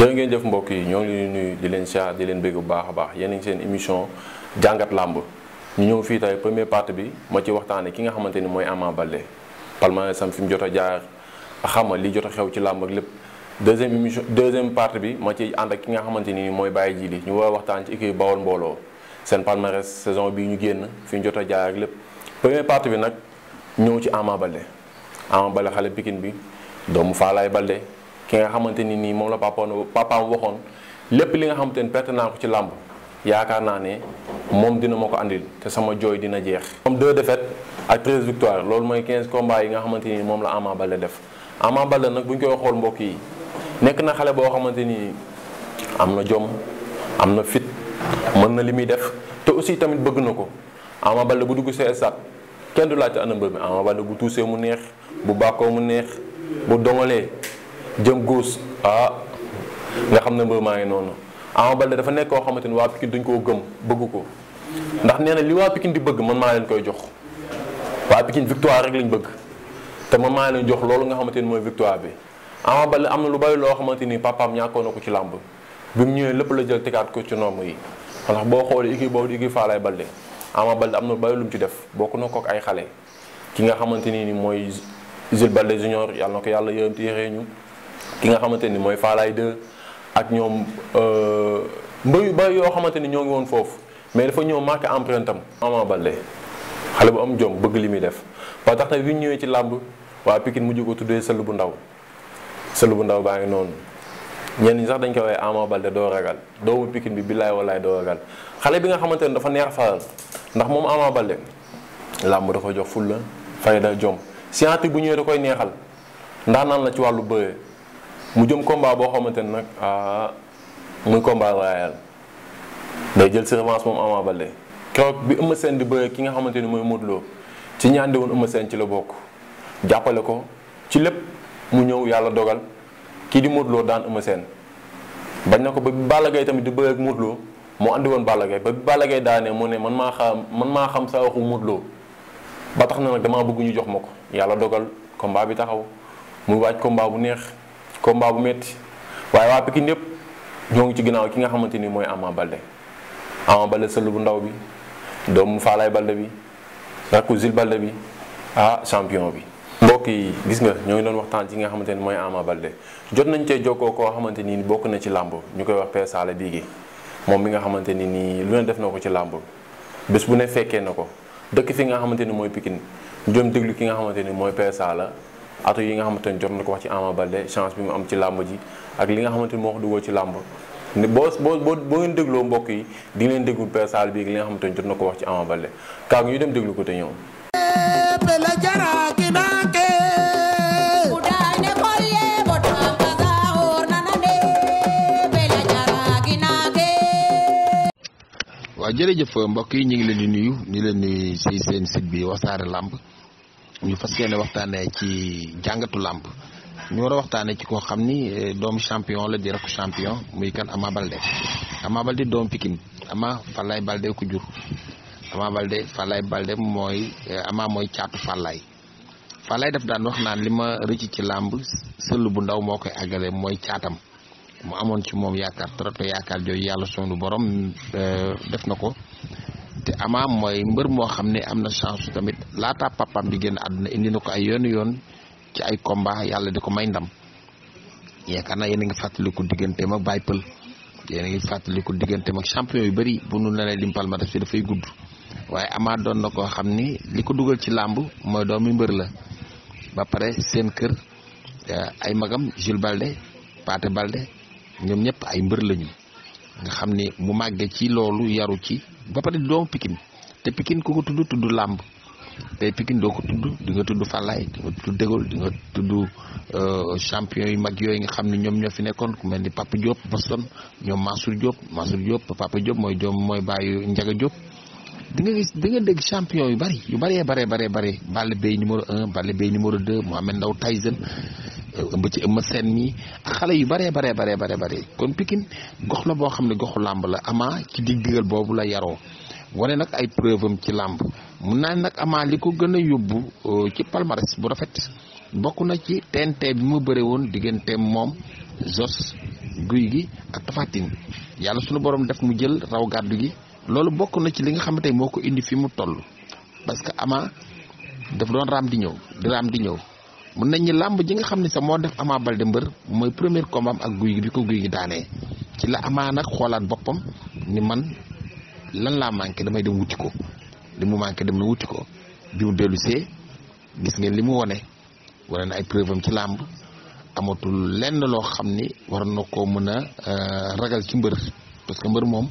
jërë ngeen jëf mbokk yi ñoo ngi leen nuyu di leen siyaar di leen bëgg bu baax a baax yéen a seen émission jàngat làmb ñu ñëw fii tey première partie bi ma ci waxtaanee ki nga xamante ni mooy Ama Baldé palmarès sam fi mu jot a jaar xama li jot a xew ci làmb lépp deuxième émission deuxième partie bi ma ci ànd ak ki nga xamante ni mooy Baye Djili ñu war a waxtaan ci équipe Bawol mbooloo seen palmarès saison bii ñu génn fi mu jot a jaar ak lépp première partie bi nag ñëw ci Ama Baldé Ama Baldé xale Pikine bi doomu Faalaay Baldé ki nga xamante ni nii moom la papaam papaam waxoon lépp li nga xamante ni perte naa ko ci làmb yaakaar naa ne moom dina ma ko andil te sama jooy dina jeex. moom deux défaites ak treize victoires loolu mooy quinze combats yi nga xamante ni moom la Ama Baldé def Ama Baldé nag bu ñu koy xool mbokk yi nekk na xale boo xamante ni am na jom am na fit mën na li muy def te aussi tamit bëgg na ko Ama Baldé bu dugg see stade kenn du laajte ana mbër mi Ama Baldé bu tuusee mu neex bu bàkkoo mu neex bu dongalee. jëm guus ah nga xam ne mbër maa ngi noonu a Baldé dafa nekk koo xamante ni waa Pikine dañ koo gëm bëgg ko ndax nee na li waa Pikine di bëgg man maa leen koy jox waa Pikine victoire rek lañ bëgg te man maa leen jox loolu nga xamante ni mooy victoire bi Ama Baldé am na lu bari loo xamante ni papaam ñàkkoon na ko ci làmb bi mu ñëwee lépp la jël tegaat ko ci norme yi ndax boo xoolee équipe boobu di équipe Falaye Baldé Ama Baldé am na lu bari lu ci def bokk na kook ay xale ki nga xamante ni mooy Jules Baldé junior yàlla na ko yàlla yërëm téexee ñu ki nga xamante ni mooy Faalaay 2 ak ñoom euh, mbër yu bari yoo xamante ni ñoo ngi woon foofu mais dafa ñëw marqué empreinte am Ama Baldé xale bu am jom bëgg li muy def ba tax na wi ñëwee ci làmb waa Pikine mujj ko tuddee sëll bu ndaw sëlu bu ndaw baa ngi noonu ñenn ñi sax dañ koy woowee Ama Baldé doo ragal doomu Pikine bi billaay wallaay doo ragal xale bi nga xamante ni dafa neex faral ndax moom Ama Baldé làmb dafa jox fulla fayda jom scientifique bu ñëwee da koy neexal ndax la ci wàllu bëre mu jëm combat boo xamante ne nag ah muy combat royal day jël si revanche moom Ama Baldé keroog bi Eumeu Sène di bëre ki nga xamante ni mooy Modou ci ñaande woon Eumeu Sène ci la bokk jàppale ko ci lépp mu ñëw yàlla dogal kii di Modou daan Eumeu Sène bañ na ko ba Balla Gaye tamit di bëre ak Modou moo andi woon Balla Gaye ba Balla Gaye daanee mu ne man maa xam man maa xam sa waxu Modou ba tax na nag damaa bëgg ñu jox ma ko yàlla dogal combat bi taxaw muy waaj combat bu neex combat bu metti waaye waa Pikine yëpp ñoo ngi ci ginnaaw ki nga xamante ni mooy Ama Balde Ama Balde sël bu ndaw bi doomu Faalaay Balde bi rakku Zil Balde bi ah champion bi. mbokk yi gis nga ñoo ngi doon waxtaan ci nga xamante ni mooy Ama Balde jot nañ cee jokkoo koo xamante ni bokk na ci làmb ñu koy wax Père Sala moom mi nga xamante ni nii lu ne def na ko ci làmb bés bu ne fekkee na ko dëkk fi nga xamante ni mooy pikin jom déglu ki nga xamante ni mooy Père Sala ato yi nga xamante ne jot na ko wax ci Ama Baldé chance bi mu am ci làmb ji ak li nga xamante ni moo ko dugal ci làmb ne boo boo boo ngeen dégloo mbokk yi di leen déglu Père Sall bi li xamante ne jot na ko wax ci Ama Baldé kaa ñu dem déglu ko te ñoom. jërëjëf mbokk yi ñu ngi leen di nuyu ñu leen di seen site bi wasaare làmb ñu fas yéene waxtaanee ci jàngatu làmp ñu war waxtaanee ci koo xam ni eh, doom champion la di rakku champion muy kan Ama Balde Ama Balde doomu Pikine Ama Falaye Balde ku jur Ama Balde Falaye Balde mooy eh, Ama mooy caatu Falaye Falaye def daan wax naan li ma rëcc ci làmb sëll bu ndaw moo koy àggale mooy caatam mu amoon ci moom yaakaar trop yaakaar jooju yàlla soonu borom eh, def na ko Ama mooy mbër moo xam ne am na chance tamit laata papam di génn àdduna indi na ko ay yoonu yoon ci ay combat yàlla di ko may ndam yaakaar naa yéen a ngi fàttaliku diggante ak Baye Pël yéen a ngi fàttaliku digganteem ak champion yu bëri bu nu nalee lim palmarès bi dafay gudd waaye amaa doon na koo xam ni li ko dugal ci làmb mooy doomi mbër la ba pare seen kër eh, ay magam Jules Balde Paate Balde ñoom ñëpp ay mbër lañu. nga xam ni mu màggee ci loolu yaru ci ba pare doomu Pikine te Pikine ku ko tudd tudd làmb tey Pikine doo ko tudd di nga tudd Fallaye di nga tudd Dégol di nga tudd euh, champion yu mag xam ne ñoom ñoo fi nekkoon ku mel ni Papa Diop Boston ñoom Mansour Diop Mansour Diop Papa Diop mooy doom mooy bàyyi Ndiaga Diop. di nga di nga dégg champion yu bari yu bëree baree baree bëri Balla Beye numéro un Balla Beye numéro deux Mohamed Ndao Tyson ëmb ci ëmb seen mi xale yu baree baree baree baree baree kon pikin gox la boo xam ne goxu làmb la Ama ci digg-digal boobu la yaroo wane nag ay preuve am ci làmb mun naa nag Ama li ko gën a yóbbu euh, ci palmarès bu rafet bokk na ci TNT bi mu bëre woon digganteem moom Zos guy gi ak tafatin yàlla sunu borom def mu jël raw gàddu gi loolu bokk na ci li nga xamante ne moo ko indi fi mu toll parce que Ama daf doon raam di ñëw di raam di ñëw. mun nañ ñi làmb ji nga xam ne sax moo def Ama Baldé mbër mooy premier combat ak guy gi bi ko guy gi daanee ci la Ama nag xoolaat boppam ni man lan laa manqué damay dem wuti ko li mu manqué dem na wuti ko bi mu dellu gis ngeen li mu wone wane na ay preuve ci làmb amatul lenn loo xam ni war na ko mën a euh, ragal ci mbër parce que mbër moom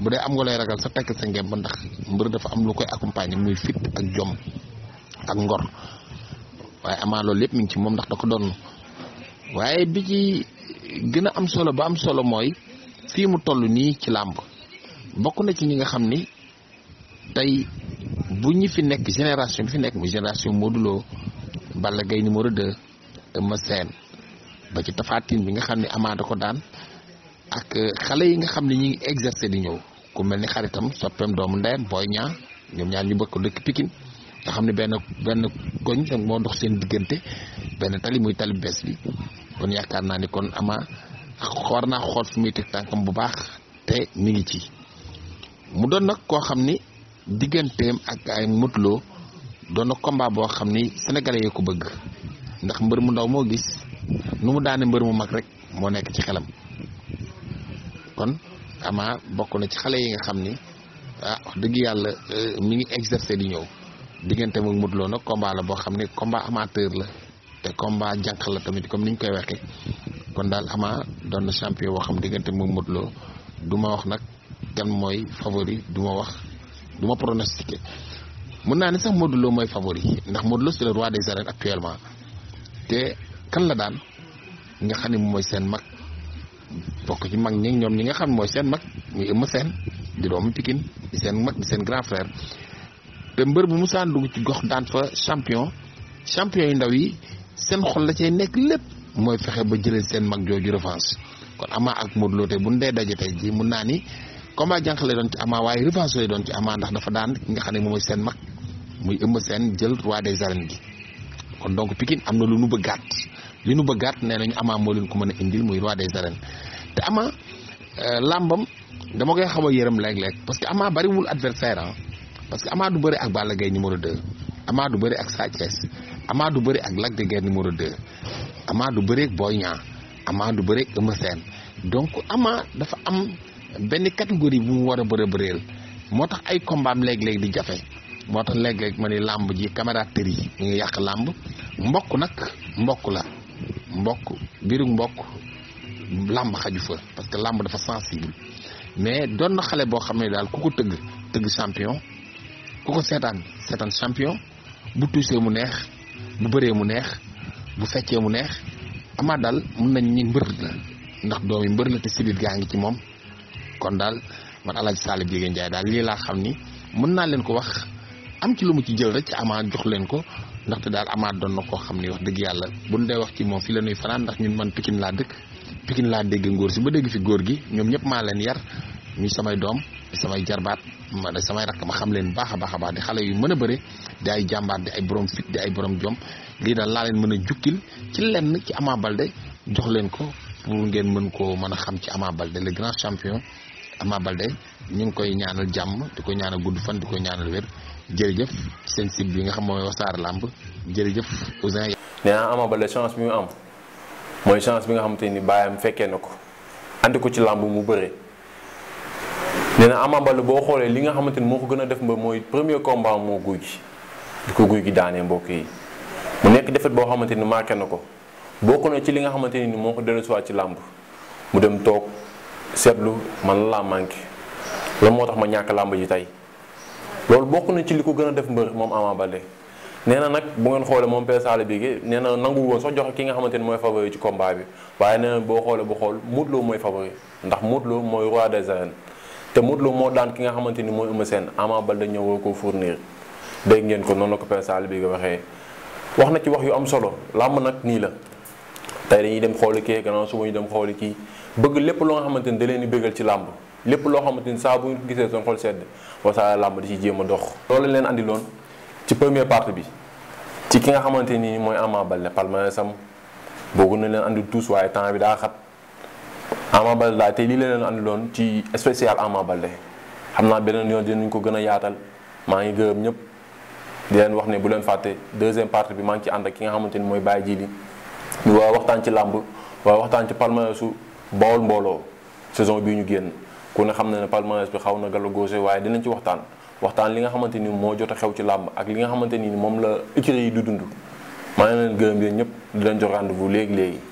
bu dee am nga lay ragal sa tekk sa ngemb ndax mbër dafa am lu koy accompagner muy fit ak jom ak ngor waaye amaa loolu lépp mi ngi ci moom ndax da ko doon waaye bi ci gën a am solo ba am solo mooy fii mu toll nii ci làmb bokk na ci ñi nga xam ni tey bu ñu fi nekk génération bi fi nekk mu génération Modou Lo Balla Gaye numéro 2 Eumeu Sène ba ci tafaatin bi nga xam ne amaa da ko daan ak xale yi nga xam ni ñi ngi exercer di ñëw ku mel ni xaritam soppeem doomu ndeyam booy ñaa ñoom ñaar ñu bokk dëkk Pikine nga xam ne benn benn koñ moo dox seen diggante benn tali muy tali bees bi kon yaakaar naa ni kon ama war naa xool fu muy teg tànkam bu baax te mu ngi ci mu doon nag koo xam ni digganteem ak ay Modou Lo doon boo xam ni sénégalais yi ko bëgg ndax mbër mu ndaw moo gis nu mu daane mbër mu mag rek moo nekk ci xelam kon ama bokk na ci xale yi nga xam ni ah wax dëgg yàlla euh, mu ngi exercer di ñëw diggante ak Modou nag combat la boo xam ne combat amateur la te combat jànq la tamit comme niñ koy waxee kon daal amaa doon na champion boo xam diggante ak Modou Lo du ma wax nag kan mooy favori du ma wax du ma pronostiqué mën naa ne sax Modou mooy favori ndax Modou Lo c'est le roi des arènes actuellement te kan la daan nga xam ne mooy seen mag bokk ci mag ñi ñoom ñi nga xam ne mooy seen mag muy Eumeu Sène di doomu Pikine di seen mag di seen grand frère te mbër bu musaan dugg ci gox daan fa champion champion yu ndaw yi seen xol la cay nekk lépp mooy fexe ba jëlee seen mag jooju revanche kon amaa ak Modou Lo tey bu ñu dee daje tey jii mun naa ni combat jànq lay doon ci Ama waaye revanche lay doon ci Ama ndax dafa daan ki nga xam ne moom mooy seen mag muy Eumeu seen jël roi des arènes gi kon donc Pikine am na lu nu bëggaat li nu bëggaat nee nañu amaa moo leen ko mën a indil muy roi des arènes te Ama euh, làmbam dama koy xaw a yërëm léeg-léeg parce que Ama bariwul adversaire ah. parce que amaa du bëri ak Balla Gaye numéro 2 Ama du bëri ak Sa Thiès du bëri ak Lac de Guiers numéro 2 Ama du bëri ak Boy Niang Ama du bëri ak Eumeu Sène donc Ama dafa am benn catégorie bu mu war a bëri bëreel moo tax ay kombaam léeg-léeg di jafe moo tax léeg-léeg ma ni làmb ji camaraderie yi mu ngi yàq làmb mbokk nag mbokk la mbokk biiru mbokk làmb xaju fa parce que làmb dafa sensible mais doon na xale boo xam ne daal ku ko tëgg tëgg champion ku ko seetaan seetaan champion bu tuusee mu neex bu bëree mu neex bu feccee mu neex Ama daal mun nañ ni mbër la ndax doom yi mbër la te sibit gaa ngi ci moom kon daal man Alaaji Saali Jigéen jaay daal lii laa xam ni mën naa leen ko wax am ci lu mu ci jël rek ci Ama jox leen ko ndaxte daal Ama doon na koo xam ni wax dëgg yàlla buñ dee wax ci moom fi la nuy fanaan ndax ñun man Pikine laa dëkk Pikine laa dégg ngóor si ba dégg fi góor gi ñoom ñëpp maa leen yar ñuy samay doom samay jarbaat ma ne samay rakk ma xam leen baax a baax a baax di xale yu mën a bëre di ay jàmbaar di ay borom fit di ay boroom jom lii daal laa leen mën a jukkil ci lenn ci Ama Baldé jox leen ko pour ngeen mën koo mën a xam ci Ama Baldé le grand champion amaa Baldé ñu ngi koy ñaanal jàmm di ko ñaanal gudd fan di ko ñaanal wér jërëjëf seen site bi nga xam mooy Wassare Lamb jërëjëf Ousin. nee naa Ama Baldé chance bi mu am mooy chance bi nga xamante ni bàyyam fekkee na ko andi ko ci làmb mu bëree. nee na boo xoolee li nga xamante ni moo ko gën a def mbër mooy premier combat moo guy gi di ko guy gi daanee mbokk yi mu nekk defet boo xamante ni marqué na ko bokk na ci li nga xamante ni moo ko dellusiwaat ci làmb mu dem toog seetlu man laa manqué loolu moo tax ma ñàkk làmb ji tey loolu bokk na ci li ko gën a def mbër moom Ama Baldé nee na bu ngeen xoolee moom Père Sall Bigué nangu woon sax joxe ki nga xamante ni mooy favori ci combat bi waaye nee na boo xoolee bu xool Modou mooy favori ndax Modou Lo mooy roi des arènes te mut Lo moo daan ki nga xamante ni mooy Eumeu Sène Ama Baldé ñëwoo ko fournir dégg ngeen ko noonu la ko Père Sall bi nga waxee wax na ci wax yu am solo làmb nag nii la te dañuy dem xooli kii gannaaw suba ñu dem xooli kii bëgg lépp loo xamante ni da leen di bëggal ci làmb lépp loo xamante ni saa bu ñu gisee seen xol sedd Wassare làmb di ci jéem a dox. loolu leen andi loon ci première partie bi ci ki nga xamante ni mooy Ama Baldé palmarès am boobu na leen andi tous waaye temps bi daa xat. Ama Baldé daal tey lii la leen andiloon ci spécial Ama Baldé xam naa beneen yoon dinañ ko gën a yaatal maa ngi gërëm ñëpp di leen wax ne bu leen fàtte deuxième partie bi maa ngi ci ànd ki nga xamante ni mooy Baye Djili ñu waa waxtaan ci làmb waa waxtaan ci palmarèsu Bawol mbooloo saison bii ñu génn ku ne xam na ne palmarès bi xaw na gàllu goose waaye dinañ ci waxtaan waxtaan li nga xamante ni moo jot a xew ci làmb ak li nga xamante ni moom la écurie yi du dund maa ngi leen gërëm yéen ñëpp di leen jox and vous léegi léegi.